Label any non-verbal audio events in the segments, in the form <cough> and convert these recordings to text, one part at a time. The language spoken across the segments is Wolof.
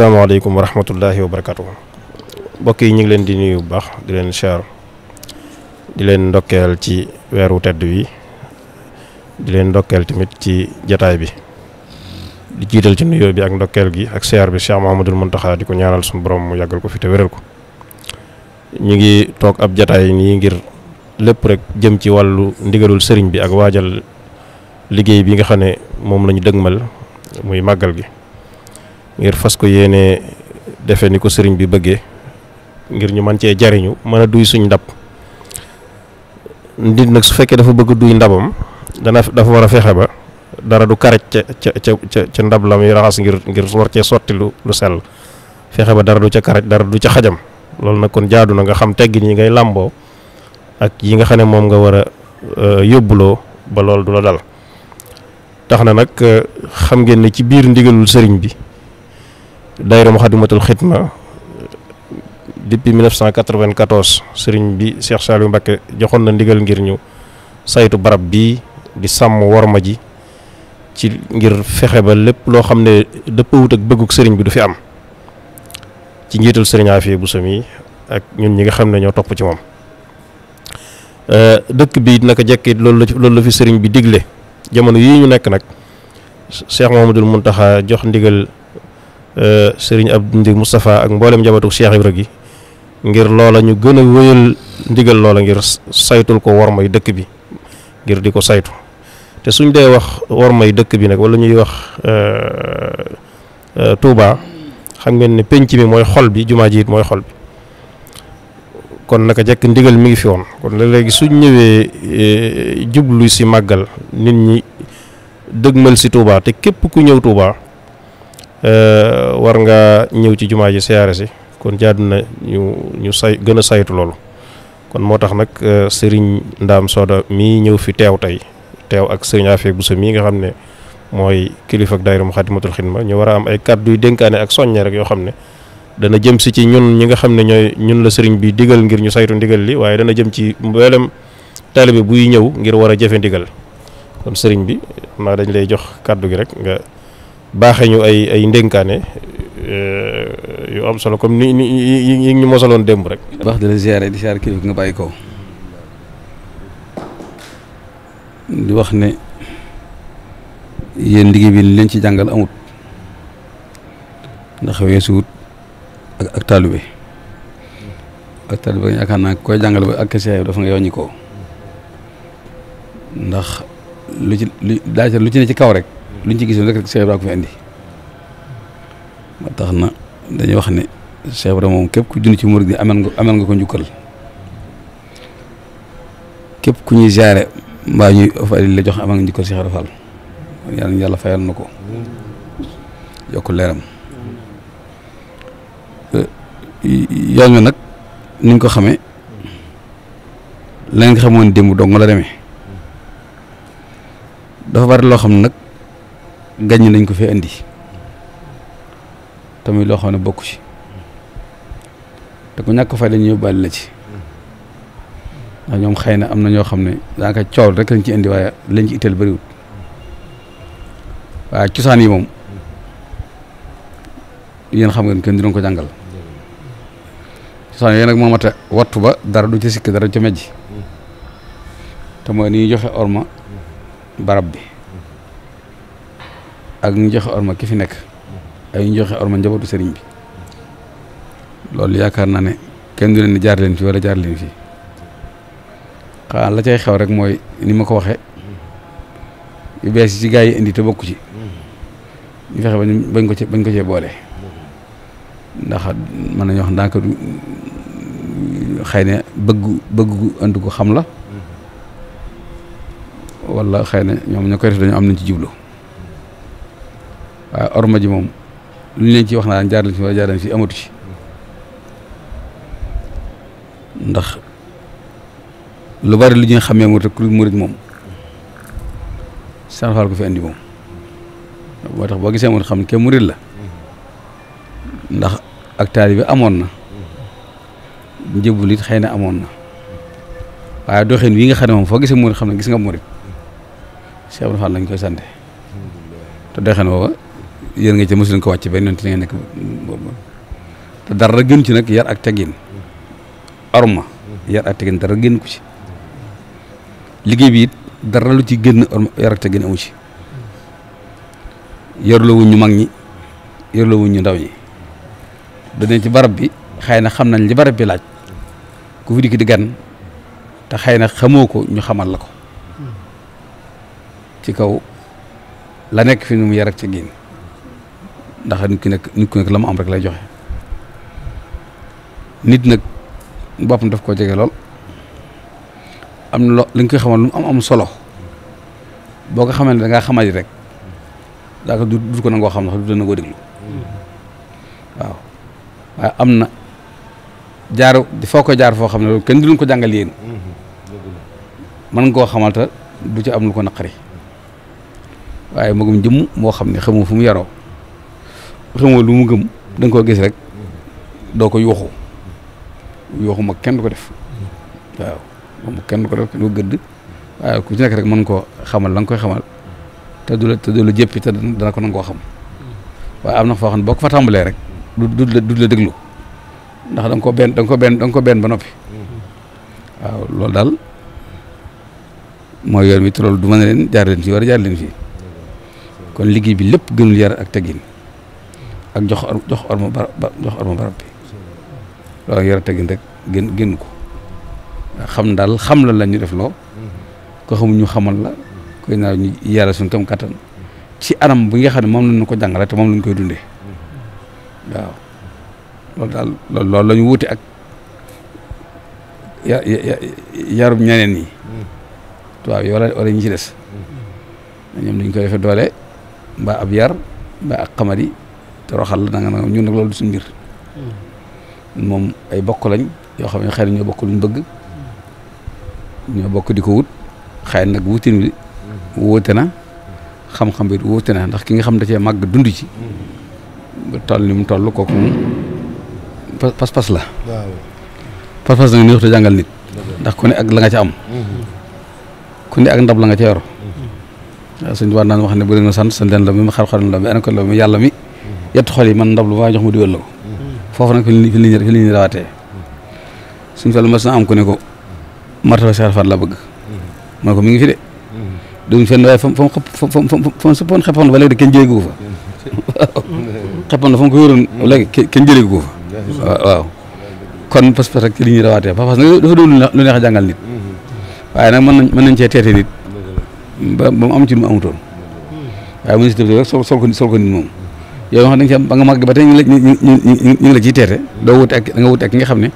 salaamaaleykum wa rahmatullahi wa barakatu mbokk yi ñu ngi leen di nuyu bu baax di leen siyaar di leen ndokkeel ci weeru tedd wi di leen ndokkeel tamit ci jataay bi di jiital ci nuyoo bi ak ndokkeel gi ak siyaar bi Cheikh Mouhamadoul Mountakha di ko ñaanal suñu borom mu yàggal ko fi te wéral ko ñu ngi toog ab jataay nii ngir lépp rek jëm ci wàllu ndigalul sëriñ bi ak waajal liggéey bi nga xam ne moom lañu ñu dëgmal muy màggal gi ngir fas ko yéene defe ni ko sëriñ bi bëggee ngir ñu mën cee jariñu mën a duy suñ ndab nit nag su fekkee dafa bëgg duy ndabam dana dafa war a fexe ba dara du karaj ca ca ca ca ndab lam yi raxas ngir ngir war cee sotti lu lu fexe ba dara du ca karaj dara du ca xajam loolu nag kon jaadu na nga xam teggin yi ngay làmboo ak yi nga xam ne moom nga war a euh, yóbbuloo ba loolu du la dal tax na nag euh, xam ngeen ne ci biir ndigalul sëriñ bi daayira Muxaddamatul Xidma depuis 1994 sëriñ bi Cheikh Saliou Mbacké joxoon na ndigal ngir ñu saytu barab bii di sàmm worma ji ci ngir fexe ba lépp loo xam ne dëppawut ak bëgguk sëriñ bi du fi am ci njiital sëriñ bu Bousso mi ak ñun ñi nga xam ne ñoo topp ci moom euh, dëkk bi naka jekk loolu la loolu la fi sëriñ bi digle jamono yii ñu nekk nag Cheikh Mouhamadoul taxa jox ndigal. Euh, sëriñ Abdou Ndir Moustapha ak mboolem njabootu Cheikh Ibra gi ngir loola ñu gën a wéyal ndigal loola ngir saytul ko wormay dëkk bi ngir di ko saytu te suñ dee wax wormay dëkk bi nag walla ñuy wax euh, euh, Touba xam ngeen ne penc mi mooy xol bi jumaa jiit mooy xol bi kon naka jekk ndigal mi ngi fi woon kon léegi suñ ñëwee jublu si màggal nit ñi dëgmal si Touba te képp ku ñëw Touba. Eh, war nga ñëw ci jumaa ji siyaare si kon jaadu na ñu ñu say gën a saytu loolu kon moo tax nag eh, sëriñ Ndaam Sooda mii ñëw fi teew tey teew ak sëriñ bu Buso mii nga xam ne mooy kilifa ak daayira Muxaddamatul Xidma ñu war a am ay kàddu yu ak soññe rek yoo xam ne dana jëm si ci ñun ñi nga xam ne ñooy ñun la sëriñ bi digal ngir ñu saytu ndigal li waaye dana jëm ci mboolem taalibe buy ñëw ngir war a jëfe ndigal kon sëriñ bi maa dañ lay jox kàddu gi rek nga baaxee ay ay ndénkaane euh, yu am solo comme ni ni yi ñu mosaloon démb rek. baax di la ziare di ziare kilifa nga bàyyi ko di wax ne yéen liggéey bi leen ci jàngal amut ndax weesuwut ak ak taalibe ak taalibe yaakaar naa koy jàngal ba ak kese dafa nga yoññi ko ndax lu ci lu daa lu ci ne ci kaw rek. luñ ci gisoon rek rek fi indi tax na dañuy wax ne Cheikh moom képp ku dund ci murid gi amal nga nga ko njukkal képp ku ñuy ziare mbaa ñuy fay la jox amal nga njukkal Cheikh Ibra Fall yàlla yàlla na ko yokk leeram yoon wi nag niñ ko xame la nga xamoon démb dong la demee dafa bari loo xam nag gaññ nañ ko fi indi tamit loo xam ne bokk ci te ku ñàkk fay dañu yóbbaale la ci ndax ñoom xëy na am na ñoo xam ne daanaka coow rek lañ ci indi waaye lañ ci itteel bëriwul waaye cosaan yi moom yéen xam ngeen kenn dinañ ko jàngal cosaan yooyu nag moo mat wattu ba dara du ci sikk dara ci mejj te mooy ni ñuy orma barab bi ak ñu joxe orma ki fi nekk ay ñu joxe orma njabootu sëriñ bi loolu yaakaar naa ne kenn du leen ni jaar leen fi wala jaar leen fi xanaa la cay xew rek mooy ni ma ko waxee yu bees yi ci bokku ci ñu bañ ko ci bañ ko cee boole ndax mën nañu wax ndànk du xëy na bëggu bëggu andi ko xam la wala xëy na ñoom ñoo koy def dañu am nañ ci jublu. waaye ah, orma ji moom lu ñu leen ci wax naan jaar nañ fi wala jaar nañ fi amatu ci ndax lu bari lu ñuy xamee murit ku murit moom Sëriñ Faal ko fi moom moo tax boo gisee moom xam ne kenn murit la ndax ak taalibe bi amoon na njëbul it xëy na amoon na waaye doxin wi nga xam ne moom foo gisee murit xam ne gis nga murit Sëriñ Faal lañ koy sante te doxin woowa yéen nga ci mosu leen ko wàcc benn yoon ci li nekk te dara gën ci nag yar ak teggin orma yar ak teggin dara gën ko ci liggéey bi it dara lu ci gën orma yar ak teggin amu ci yorloo wuñ ñu mag ñi yorloo wuñ ñu ndaw ñi danañ ci barab bi xëy na xam nañ li barab bi laaj ku fi dikk di gan te xëy na xamoo ko ñu xamal la ko hmm. ci kaw la nekk fi nu mu yar ak teggin ndax nit ki nekk nit la mu am rek lay joxe nit nag boppam daf koo jege lool am na lo lu nga koy xamal lu mu am am solo boo ko xamee ne da ngaa rek daaka du du ko nangoo xam ndax du dana nangoo déglu waaw waaye am na foo ko jaar foo xam ne loolu kenn duñu ko jàngal koo xamal te du ci ko naqari waaye magum jëmm moo xam ne xamu fu mu yaroo. xamoo lu mu gëm danga nga koo gis rek doo ko yuuxu yuuxu ma kenn du ko def kenn du ko def doo gëdd waaye ku ci nekk rek mën ko xamal la nga koy xamal te du la te du la jëppi te dana ko nangoo xam waaye am na foo xam ne boo ko fa tàmbalee rek du du la du la déglu ndax da ko benn da ko benn da ko benn ba noppi waaw loolu daal mooy yoon wi te loolu du mën a leen jaar leen fii war a jaar leen fii kon liggéey bi lépp gënul yar ak teggin ak jox jox orma barab bi loolu yar tegin rek gën génn ko xam daal xam la la ñu def loo ko xamul ñu xamal la koy naa ñu yàlla kam kattan ci anam bu nga xam ne moom lañu ko jàngale moom lañu koy dundee waaw loolu daal loolu ñu wuute ak ya yarub ñeneen yi waaw yow ñu ci des dañ koy defee doole mbaa ab yar mbaa ak xamadi toroxal la nanga ñun nag loolu suñu mbir hmm. moom ay bokk lañ yoo xam ne xëy na ñoo bokk luñ bëgg hmm. ñoo bokk di ko wut xëy nag wutin wi hmm. wóote na xam-xam bi wóote na ndax ki nga xam da cee màgg dund ci toll ni mu toll kooku pas-pas la pas-pas nag ni waxtu ak la nga ca am ku ne ndab la nga ca yor waaw suñ war naan wax ne bu leen ma sant sant leen la mi xar xaran la mi ana ko yàlla mi yett xol yi man ndab lu ma jox ma dugal la ko foofu nag fi li ñu fi am ko ne ko martaba Cheikh Fall la bëgg mm-hmm. ma ko mi ngi fi de mm-hmm. duñ fenn waaye fa mu xëpp fa mu fa mu sëppoon xëppoon ba léegi de mm-hmm. ko yoroon léegi kenn jëlee ko fa waaw kon parce que rek ci li ñuy rawaatee parce que dafa doon lu nit waaye nag mën nañ mën nañ cee teete nit ba ba am ci lu mu amutoon waaye mu ngi si def sol sol ko nit moom yow nga nga ci am ba nga màgg ba tey ñu ñu ñu ngi la ciy teete doo wute ak nga ki nga xam ne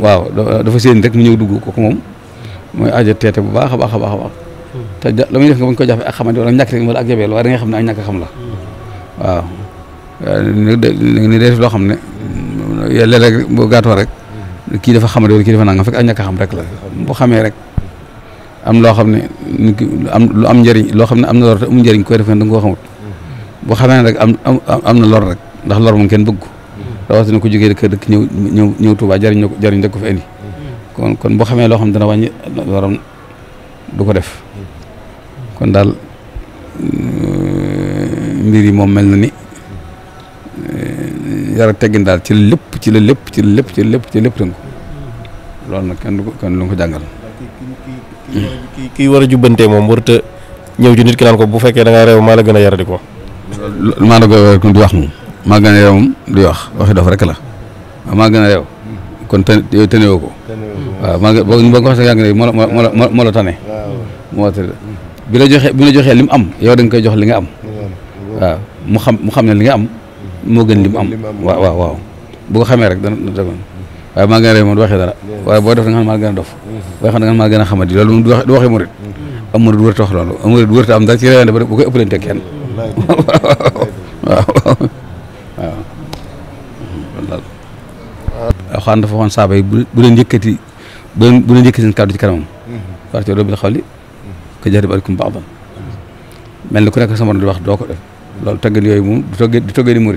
waaw dafa séen rek mu ñëw dugg kooku moom mooy aajo teete bu baax a baax a hmm. la muy def ko jafe ak ñàkk rek wala ak jabeel waaye xam ne ak ñàkk xam la waaw loo xam ne léeg-léeg bu gàttoo rek kii dafa xamante wala kii dafa nangam fekk ak ñàkk xam rek la bu xamee rek am loo xam ne am lu am njëriñ loo xam ne am na lor te um njëriñ koy def da nga koo xamut boo xamee ne rek am am na lor rek ndax lor moom kenn bëgg ko hmm. rawatina ko jógee dëkk dëkk ñëw ñëw ñëw Tuubaa jëriñ ko jëriñ da ko fi indi hmm. kon boo xamee loo xam dana wàññi loram du ko def hmm. kon daal euh, mbir yi moom mel na ni euh, yara teggin daal ci lépp ci la lépp ci lépp ci lépp ci lépp tënku loolu nag kenn du ko kenn du ko jàngal. kii kii war moom warut a ñëw ci nit ki bu fekkee da ngaa maa la gën a yara ko. maa doog a kon di wax moom maa gën a yow wax waxi dof rek la waaw maa gën a yow kon te yow ko waaw maa boo ko waxee yàgg na moo la moo la moo la tane moo tax bi la joxee bi la joxee li mu am yow da koy jox li nga am waaw mu xam mu xam ne li nga am moo gën li am waaw waaw xamee rek dana demoon maa gën a réew moom du waxee dara waaye boo def da nga xam maa gën a dof boo xam da nga maa gën a xamadi loolu moom du waxee murit am murit wërta wax loolu am dara ci réewante ba bu koy ëppaleen waaw <laughs> waaw waaw. Alxuraan dafa waxoon saaba yi bu bu leen yëkkati bu leen bu leen yëkkati seen ci kanamam. parce que loolu bi la xawli. Hmm. ko jëriñ barikum baax ba. mel ni ku nekk sama di wax doo ko def. loolu tëggan yooyu moom du toggee du toggee di hmm.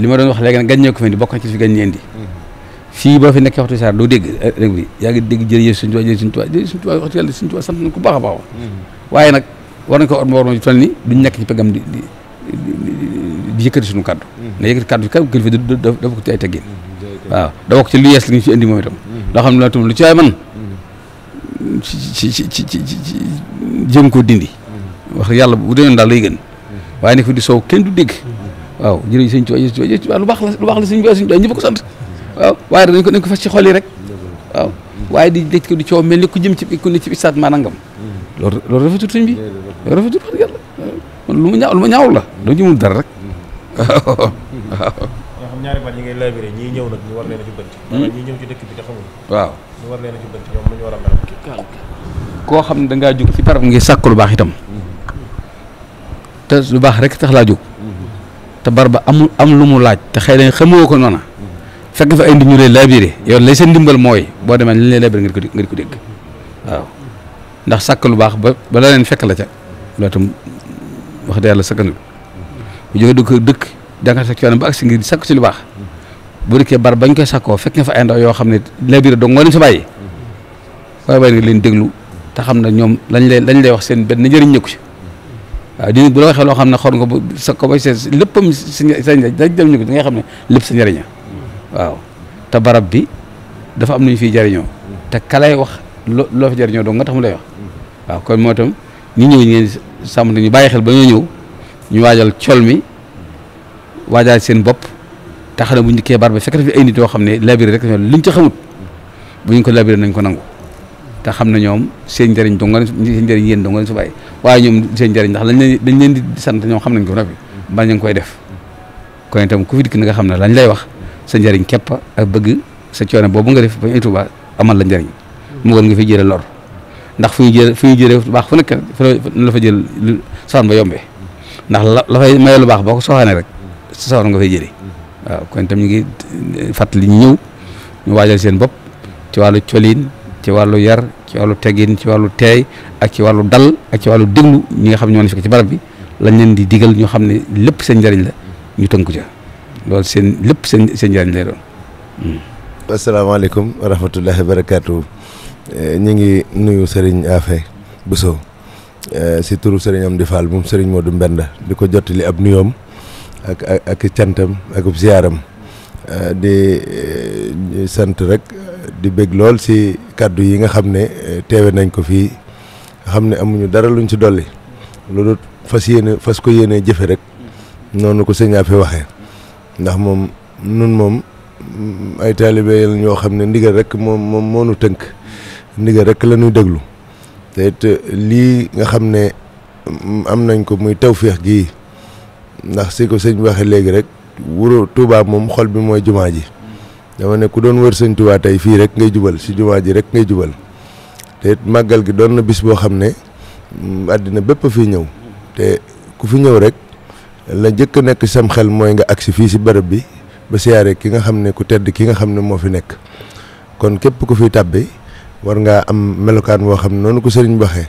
li ma doon wax léegi nag ko fi indi na ci fi gaññee indi. Hmm. fii boo fi nekk waxtu saar doo dégg eh, rek bi yaa ngi dégg jërëjëf suñu tubaab jërëjëf suñu tubaab ko baax baax waaye nag war nañ ko war ma toll ni duñ nekk ci pegam di di di yëkkati suñu kaddu. na hmm. yëkkati kaddu kaw kilifa dafa ko ci ay teggin. Hmm, da bokk ci lu yees li ñu fi indi moom itam. Hmm. lu ci waay man ci ci ci ci ci dindi. wax yàlla bu demee daal lay gën. waaye nag fi di soow kenn du dégg. waaw jërëjëf sëñ Tuubaa lu baax la lu baax la sëñ bi suñ ñëpp ko sant waaw waaye dañ ko ko fas ci xol rek. waaw waaye di dëj ko di coow mel ni ku jëm ci ku ne ci istaat maa nangam hmm. loolu loolu rafetul sëñ bi loolu rafetul wax yàlla lu mu ñaaw lu ma ñaaw la doo ngay labiré ñii ñëw nag war leen a jubbanti hmm? ñii ñëw ci a jubbanti koo xam ne dangaa jóg ci barab ngir sàkk lu baax itam hmm. lu baax rek tax laa te barab ba amul am lu mu laaj te xëy na xamoo ko noona fekk fa ay nit ñu lay labiré yow lay seen ndimbal mooy boo demee li lay labiré nga di ko nga ko dégg waaw ndax sàkk lu baax ba bala leen fekk la ca loolu itam wax dëgg yàlla sakkanul bu jógee dëkk dëkk danga sa coono ba ak si ngir sàkk ci lu baax bu dikkee bar bañ koy sakkoo fekk nga fa ay ndaw yoo xam ne labiré dong moo leen sa bàyyi waaye waaye nga leen déglu te xam ne ñoom lañ lay lañ lay wax seen benn njëriñ nekku ci waaw di bu la waxee loo xam ne xor nga ba sa ko bay see léppam si sa njëriñ dañ dem ñu ko di nga xam ne lépp sa njëriñ waaw te barab bi dafa am lu fi fiy jariñoo te kalay wax loo loo fi jariñoo donc nga tax mu lay wax waaw kon moo tam ñi ñëw ngeen sàmm ñu bàyyi xel ba ñoo ñëw ñu waajal col mi waajal seen bopp tax na bu ñu dikkee barab bi fekk yoo xam ne labiré rek liñ ca xamut bu ñu ko labiré nañ ko nangu te xam ne ñoom seen jariñ dong seen njëriñ yéen dong lañ su waaye ñoom seen njëriñ ndax lañ leen dañ leen di sant ñoom xam nañ ko bi bañ a ngi koy def kon itam ku fi dikk na nga xam ne lañ lay wax sa njëriñ képp ak bëgg sa coono boobu nga def ba ñu Tuubaa amal la njariñ mu woon nga fi jële lor ndax fu ñu jële fu ñu jële baax fu nekk la fa jël lu soxan ba yombee ndax la la fay maye boo ko soxaanee rek sa nga fay jëlee kon itam ñu ngi eh, fàttali ñu ñëw ñu waajal seen bopp ci wàllu colin ci wàllu yar ci wàllu teggin ci wàllu teey ak ci wàllu dal ak ci wàllu déglu ñi nga xam ñoo ne fekk ci barab bi lañ leen di digal ñu xam ne lépp seen njëriñ la ñu tënku ca lool seen lépp seen seen njëriñ lay doon. asalaamaaleykum wa barakaatu eh, ñu ngi nuyu Serigne bu Bousso eh, si turu sëriñam Amdi Fall moom Serigne Modou Mbenda di ko jottali ab nuyoom ak ak ak cantam ak ub eh, di sant rek di bég lool si kàddu yi nga xam ne teewe nañ ko fii xam ne amuñu dara luñ si dolli loolu fas yéene fas ko yéene jëfe rek noonu ko sëñ Afe waxee. ndax moom nun moom ay taalibe la ñoo xam ne ndigal rek moom moom moo nu tënk ndigal rek la ñuy déglu te lii nga xam ne am nañ ko muy tawféex gii ndax si ko sëñ waxe léegi rek wuro Touba moom xol bi mooy jumaa ji dama ne ku doon wër sëñ Touba tey fii rek ngay jubal si jumaa ji rek ngay jubal te it màggal gi doon na bis boo xam ne àddina bépp a fi ñëw te ku fi ñëw rek la njëkk a nekk sam xel mooy nga si fii si bërëb bi ba siyaare ki nga xam ne ku tedd ki nga xam ne moo fi nekk kon képp ku fi tàbbi war ngaa am melokaan woo xam noonu ko sëriñ waxee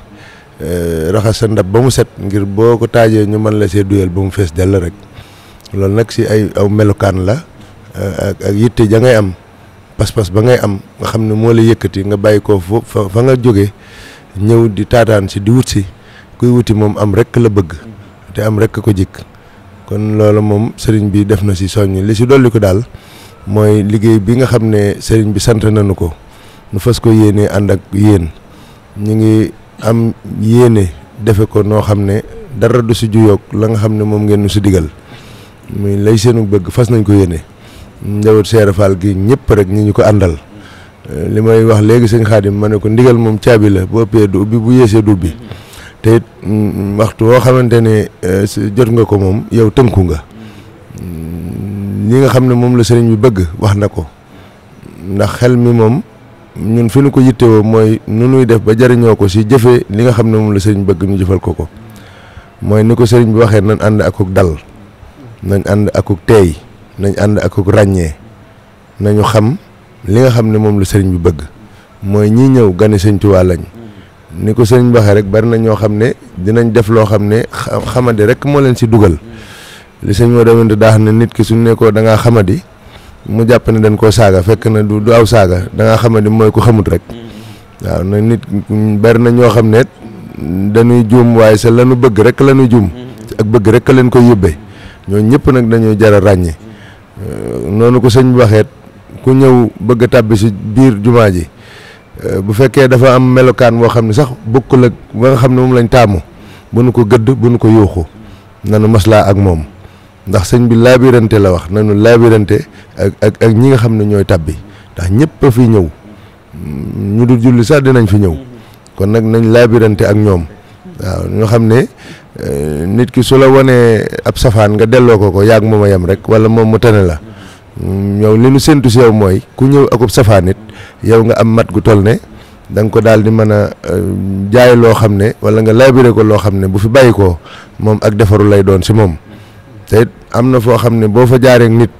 eh, raxas sa ndab ba mu set ngir boo ko taajee ñu man la see duyal ba mu fees dell rek loolu nag si ay aw melokaan la eh, ak ak yitte ja ngay am pas-pas ba ngay am nga xam ne moo la yëkkati nga bàyyi ko fa fa nga jóge ñëw di taataan si di wut si kuy wuti moom am rek la bëgg te am rek ko jikk kon loolu moom sëriñ bi def na si soññ li si dolli ko daal mooy liggéey bi nga xam ne sëriñ bi sant nañu ko nu fas ko yéene ànd ak yéen ñu ngi am yéene defe ko noo xam ne dara du si juyoog la nga xam ne moom ngeen nu si digal muy lay seenu bëgg fas nañ ko yéene njabootu Seera Faal gi ñëpp rek ñu ñu ko àndal li may wax léegi sëñ Xaadim ma ne ko ndigal moom caabi la bu ëppee du ubbi bu yeesee du ubbi te mm, waxtu woo xamante ne eh, jot nga ko moom yow tënku nga ñi mm, nga xam ne moom la sëriñ bi bëgg wax na ko ndax xel mi moom ñun fi ñu ko yittewoo mooy nu nuy def ba jariñoo ko si jëfe li nga xam ne moom la sëriñ bëgg ñu jëfal ko ko mooy ni ko sëriñ bi waxee nañ ànd akuk dal nañ ànd akuk teey nañ ànd akuk ràññee nañu xam li nga xam ne moom la sëriñ bi bëgg mooy ñi ñëw gane sëriñ Tuubaa lañ ni ko sëñ waxee rek bari na ñoo xam ne dinañ def loo xam ne xamadi rek moo leen si dugal li sëñ moo demante daax nit ki suñ ne ko da ngaa xamadi mu jàpp ne dañ koo saaga fekk na du du aw saaga da ngaa xamadi mooy ko xamut rek waaw na nit bari na ñoo xam ne dañuy juum waaye sa lanu bëgg rek lanu juum ak bëgg rek leen koy yóbbee ñoo ñëpp nag dañuy jar a noonu ko sëñ bi ku ñëw bëgg a tàbbi si biir jumaa ji Euh, bu fekkee dafa am melokaan woo xam ne sax bokkul ak ba nga xam ne moom lañ taamu bu nu ko gëdd bu nu ko yuuxu nanu maslaa ak moom ndax sëñ bi laabirante la wax nanu laabirante ak ak ak ñi nga xam ne ñooy tàbbi ndax ñëpp a fi ñëw mm, ñu dul julli sax dinañ fi ñëw kon nag nañ laabirante ak ñoom waaw ñoo xam ne euh, nit ki su la wanee ab safaan nga delloo ko ko yàgg moom a yem rek wala moom mu tane la yow li nu séntu si yow mooy ku ñëw akub safaan it yow nga am mat gu toll ne danga ko daal di mën a euh, jaay loo xam ne wala nga labiré ko loo xam ne bu fi bàyyi ko moom ak defaru lay doon si moom te am na foo xam ne boo fa jaaree nit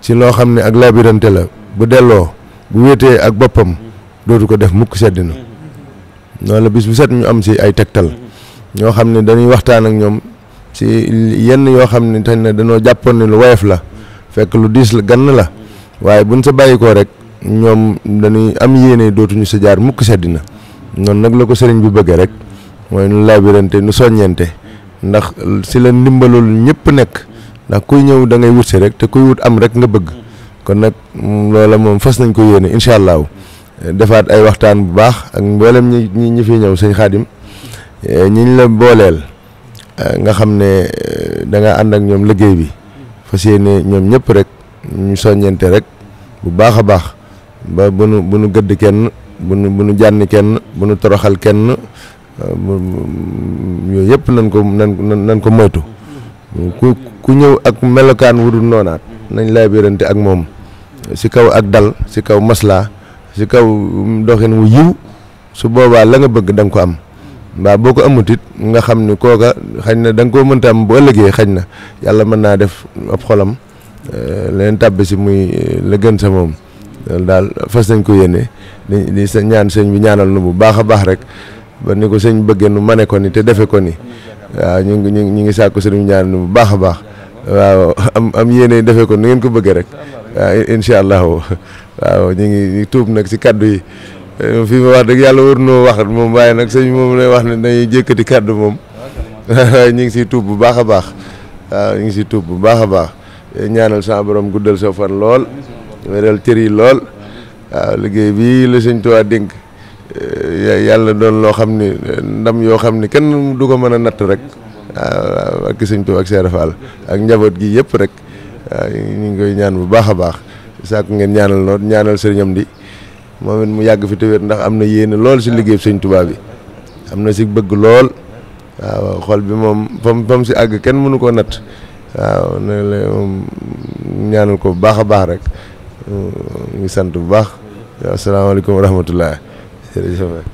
si loo xam ne ak labirante la bu delloo bu wéetee ak boppam dootu ko def mukk sedd na loolu bis bu set ñu am si ay tegtal ñoo xam ne dañuy waxtaan ak ñoom si yenn yoo xam ne tañ na dañoo jàppoon ne lu woyof la. fekk lu diis la gann la waaye buñ sa bàyyi ko rek ñoom dañuy am yéene dootuñu sa jaar mukk sedd na noonu nag la ko sëriñ bi bëggee rek mooy nu labirante nu soññente ndax si la ndimbalul ñëpp nekk ndax kuy ñëw da ngay wut si rek te kuy wut am rek nga bëgg kon nag loola moom fas nañ ko yéene incha allahu defaat ay waxtaan bu baax ak mboolem ñi ñi ñi fiy ñëw sëñ eh, ñi ñu la booleel eh, nga xam ne eh, da nga ànd ak ñoom liggéey bi. fas yéene ñoom ñëpp rek ñu soññente rek bu baax a baax ba bu nu bu nu gëdd kenn bu nu jànni kenn bu nu toroxal kenn euh, yooyu yëpp nañ ko nan ko moytu ku ku ñëw ak melokaan wu wudul noonaat nañ lay birante ak moom si kaw ak dal si kaw maslaa si kaw doxin wu yiw su boobaa la nga bëgg danga ko am mbaa boo ko amut it nga xam ni kooka xañ na danga koo mënta am boo ëllëgee xañ na yàlla mën naa def ab xolam euh, leen tàbbi si muy euh, la gën sa moom daal fas nañ ko yéene di di sa ñaan sëñ bi ñaanal nu bu baax a baax rek ba ni ko sëñ bëggee nu mane ko ni te defe ko ni waaw ñu ngi ñu ngi sàkku sëñ bi ñaanal nu bu baax a baax waaw am am yéene defe ko nu ngeen ko bëggee rek waaw incha allahu waaw ñu ngi tuub nag si kàddu yi. Eh, fii ma wax dëgg yàlla wër noo wax moom waaye nag sëñ moom lay wax ne dañuy jékkati kàddu moom <laughs> ñu ngi siy tuub bu baax a baax waaw ñu ngi siy tuub bu baax a baax eh, ñaanal sa borom guddal sa fan lool wéral cër yi lool waaw liggéey bii la sëñ Tuubaa dénk eh, yàlla doon loo xam ni ndam yoo xam ni kenn du ko mën a natt rek ak sëñ Tuubaa ak njaboot gi yëpp rek ñu ngi koy ñaan bu baax a baax sàkku ngeen ñaanal lool ñaanal sëriñam di moom it mu yàgg fi tëwéer ndax am na yéene lool si liggéey sëñ Tuubaa bi am na si bëgg lool waaw xol bi moom fam fam si àgg kenn mënu koo natt waaw ne moom ñaanal ko bu baax a baax rek ñu ngi sant bu baax asalaamaaleykum wa rahmatullah jërëjëf